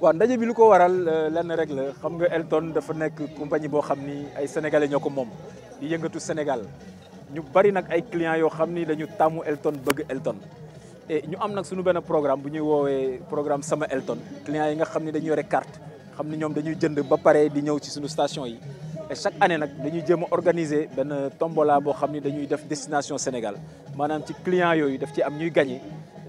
waaw ndaje bi lu ko waral euh, lenn rek la xam nga Elton dafa nekk compagnie boo xam ni ay sénégalais ñoo ko moom di yëngatu Sénégal ñu bari nag ay clients yoo xam ni dañu tàmmu Elton bëgg Elton. E ñu am nag suñu benn programme bu ñuy woowee programme sama Elton clients yi nga xam ni dañu yore carte xam ni ñoom dañuy jënd ba pare di ñëw ci suñu station yi. et chaque année nag dañuy jéem a organiser benn tombola boo xam ni dañuy def destination Sénégal maanaam ci clients yooyu daf ci am ñuy gagné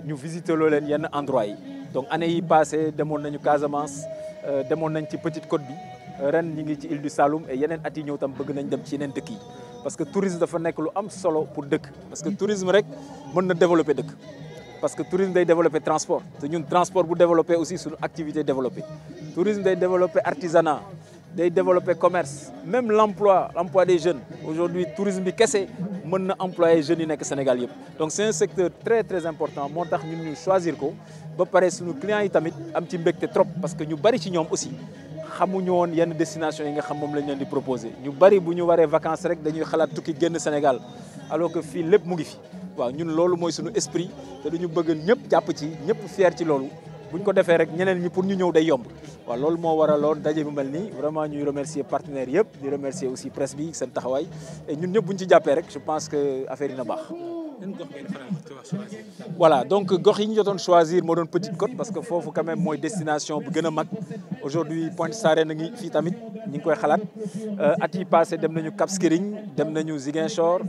ñu visité loo leen yenn endroit yi. donc année yi passé demoon nañu Casamance euh, demoon nañ ci Petite Côte bi euh, ren ñi ngi ci île du Saloum et yeneen at yi ñëw tam bëgg nañ dem ci yeneen dëkk yi parce que tourisme dafa nekk lu am solo pour dëkk parce que tourisme rek mën na développer dëkk parce que tourisme day développer transport te ñun transport bu développer aussi sunu activité développer tourisme day développer artisanat day développer commerce même l'emploi l'emploi des jeunes aujourd'hui tourisme bi kese mën na employé jeunes yi nekk Sénégal yëpp donc c'est un secteur très très important moo tax ñun ñu choisir ko ba pare suñu clients yi tamit am ci mbégte trop parce que ñu bari ci ñoom aussi xamuñu woon yenn destination yi nga xam moom lañ leen di proposer ñu bari bu ñu waree vacances rek dañuy xalaat tukki génn Sénégal alors que fii lépp mu ngi fi waaw ñun loolu mooy suñu esprit te duñu bëgg ñëpp jàpp ci ñëpp fier ci loolu buñ ko defee rek ñeneen ñi pour ñu ñëw day yomb waaw loolu moo lool daje bu mel ni vraiment ñuy remercier partenaires yëpp di remercier aussi presse bi seen taxawaay et ñun ñëpp buñ ci jàppee rek je pense que affaire na baax voilà donc gox yi ñu jotoon choisir moo doon Petite Côte parce que foofu quand mooy destination bu gën a mag aujourd'hui Pointe Sarène ngi fii tamit ñi ngi koy xalaat euh, at yi passé dem nañu Cap dem nañu Ziguinchor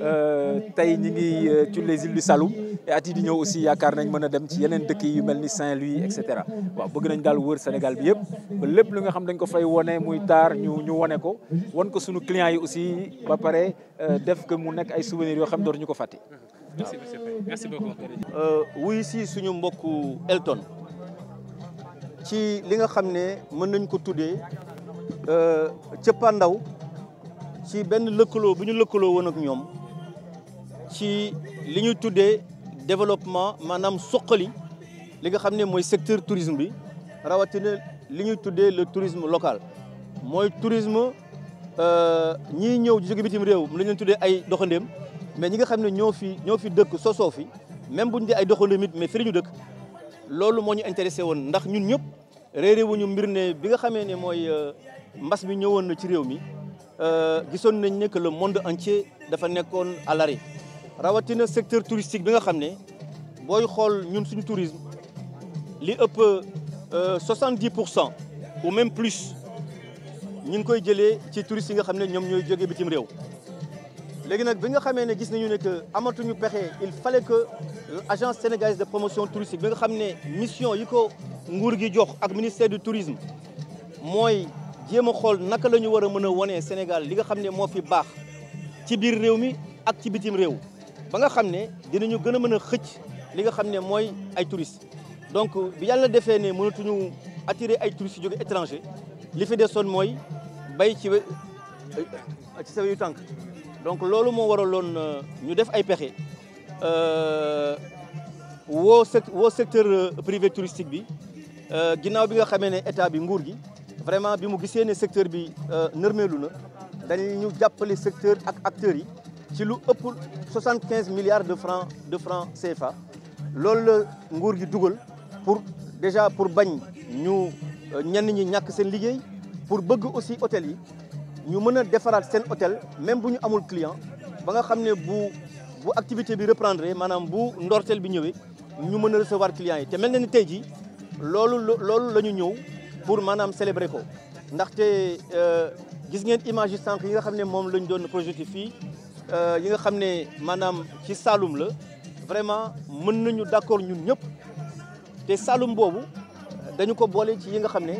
euh, tey ñi ngi euh, ci les îles du Saloum et at yi di ñëw aussi yaakaar nañ mën a dem ci yeneen dëkk yu mel ni Saint-Louis et waaw bëgg nañ daal wër Sénégal bi yëpp ba lépp lu nga xam dañ ko fay wone muy taar ñu ñu wone ko wan ko suñu clients yi aussi ba pare def que nekk ay souvenirs yoo xam dootuñu ko fàtte merci monsieur Faye euh, wuy si suñu mbokku Elton ci li nga xam ne mën nañ ko tuddee euh, cëppandaw si benn lëkkaloo bu ñu lëkkaloo woon ak ñoom ci li ñu tuddee développement maanaam soqali li nga xam ne mooy secteur tourisme bi rawatina li ñuy tuddee le tourisme local mooy tourisme euh, ñiy ñëw di jóge bitim réew mu la ñu tuddee ay doxandéem mais ñi nga xam ne ñoo fi ñoo fi dëkk sosoo fi même bu ñu di ay doxalu mit mais fi ñu dëkk loolu moo ñu intéressé woon ndax ñun ñëpp réeré wuñu mbir ne bi nga xamee ne mooy euh, mbas mi ñëwoon na ci réew mi euh, gisoon nañ ne que le monde entier dafa nekkoon à rawatina secteur touristique bi nga xam ne booy xool ñun suñu tourisme li ëpp 70 euh, pour cent ou même plus ñu ngi koy jëlee ci touristes yi nga xam ne ñoom ñooy jógee bitim réew. léegi nag bi nga xamee ne gis nañu ne que amatuñu pexe il fallait que agence sénégalaise de promotion touristique bi nga xam ne mission yi ko nguur gi jox ak ministère du tourisme mooy jéem a xool naka lañu war a mën a wane Sénégal li nga xam ne moo fi baax ci biir réew mi ak ci bitim réew ba nga xam ne dinañu gën a mën a xëcc li nga xam ne mooy ay touristes. donc bi yàlla defee ne mënatuñu attirer ay touristes yu jóge étranger li fi desoon mooy bay ci ci sa yu tànk donc loolu moo waraloon euh, ñu def ay pexe euh, woo woo secteur euh, privé touristique bi ginnaaw bi nga xamee ne état bi nguur gi vraiment bi mu gisee ne secteur bi nërmeelu na dañ ñu jàppale secteur ak acteurs yi ci lu ëpp 75 milliards de francs de francs CFA. loolu la nguur gi dugal pour déjà pour bañ ñu ñenn ñi ñàkk seen liggéey pour bëgg aussi hôtel yi. ñu mën a defaraat seen hôtel même bu ñu amul client ba nga xam ne bu bu activité bi reprendre maanaam bu ndorteel bi ñëwee ñu mën a recevoir clients yi te mel na ni tey jii loolu loolu la ñu ñëw pour maanaam célébrer ko ndaxte euh, gis ngeen image yi sànq yi nga xam ne moom la ñu doon projeté fii euh, yi nga xam ne maanaam ci Saloum la vraiment mën nañu d'accord ñun ñëpp te salum boobu dañu ko boole ci yi nga xam ne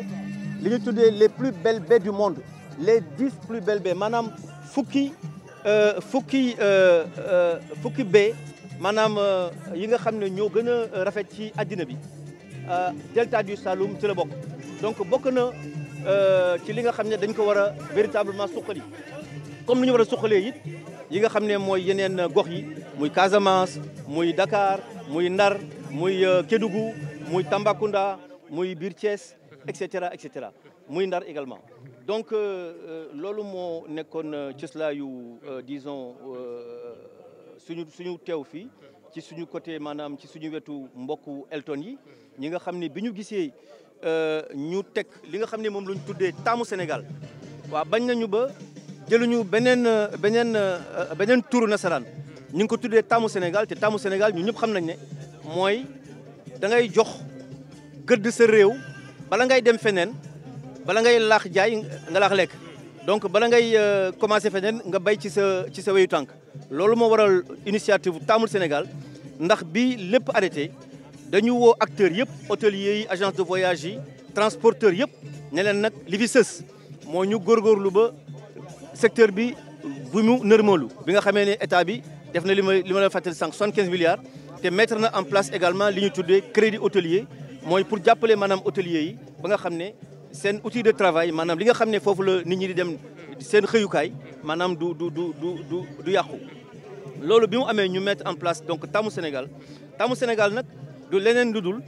li ñu tuddee les plus belles baies du monde les dix plus belles baies maanaam fukki euh, fukki euh, euh, fukki baies maanaam yi nga xam ne ñoo gën a rafet ci àddina bi delta du Saloum ci la bokk donc bokk na ci li nga xam ne dañ ko war a véritablement suqali comme ni ñu war a suqalee it yi nga xam ne mooy yeneen gox yi muy Casamance muy Dakar muy Ndar muy Kédougou muy Tambacounda muy biir Thiès et cetera et cetera muy Ndar également donc euh, euh, loolu moo nekkoon euh, cëslaayu disons suñu suñu teew fii ci suñu côté maanaam ci suñu wetu mbokk Elton yi ñi nga xam ni bi ñu gisee ñu teg li nga xam ne moom ñu tuddee taamu senegal waaw bañ nañu ba jëluñu beneen beneen beneen turu nasaraan ñu ngi ko tuddee taamu Sénégal te taamu Sénégal ñu ñëpp xam nañ ne mooy da ngay jox gëdd sa réew bala ngay dem feneen bala ngay laax jaay nga laax lekk donc bala ngay euh, commencé feneen nga bay ci sa ci sa weyu tànk loolu moo waral initiative Taamul Sénégal ndax bi lépp arrêté dañu woo acteurs yëpp hôteliers yi agence de voyage yi transporteurs yëpp ne leen nag li fi sës moo ñu góorgóorlu ba secteur bi bu mu nërmalu bi nga xamee ne état bi def na li ma li ma la fàttali sànq soixante-quinze milliards te mettre na en place également li ñu tuddee crédit hôtelier mooy pour jàppale maanaam hôteliers yi ba nga xam ne seen outil de travail maanaam li nga xam ne foofu la nit ñi di dem seen xëyukaay maanaam du du du du du yàqu. loolu bi mu amee ñu mettre en place donc Tamu Sénégal Tamu Sénégal nag du leneen lu dul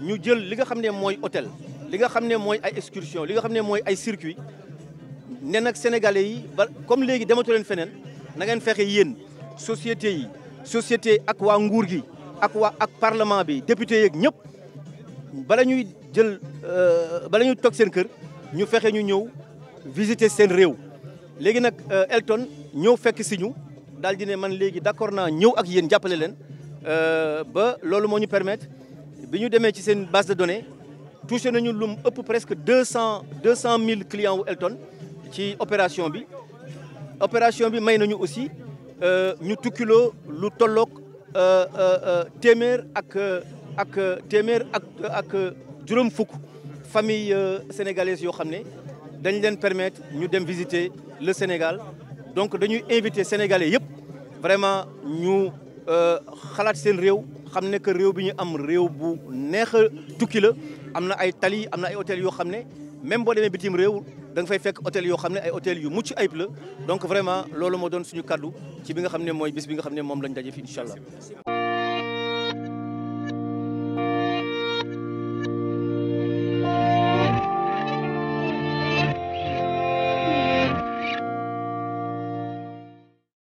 ñu jël li nga xam ne mooy hôtel. li nga xam ne mooy ay excursion li nga xam ne mooy ay circuit ne nag sénégalais yi ba comme léegi dematu leen feneen na ngeen fexe yéen société yi société ak waa nguur gi ak waa ak parlement bi député yeeg ñëpp. bala ñuy jël euh, bala ñuy toog seen kër ñu fexe ñu ñëw visiter seen réew léegi nag euh, Elton ñëw fekk si ñu daal di ne man léegi d'accord naa ñëw ak yéen jàppale leen euh, ba loolu moo ñu permettre bi ñu demee ci seen base de données touché nañu lum ëpp presque deux cent deux cent mille clients wu Elton ci opération bi opération bi may nañu aussi ñu tukkiloo lu tolloog téeméer ak ak euh, téeméer ak euh, ak euh, juróom fukk famille sénégalaise yoo xam ne dañ leen permettre ñu dem visiter le Sénégal donc dañuy invité sénégalais yëpp vraiment ñu xalaat seen réew xam ne que réew bi ñu am réew bu neex a tukki la am na ay tali am na ay hôtels yoo xam ne même boo demee bitim réew da nga fay fekk hôtel yoo xam ne ay hôtel yu mucc ayib la donc vraiment loolu moo doon suñu kaddu ci bi nga xam ne mooy bis bi nga xam ne moom lañ daje fi incha allah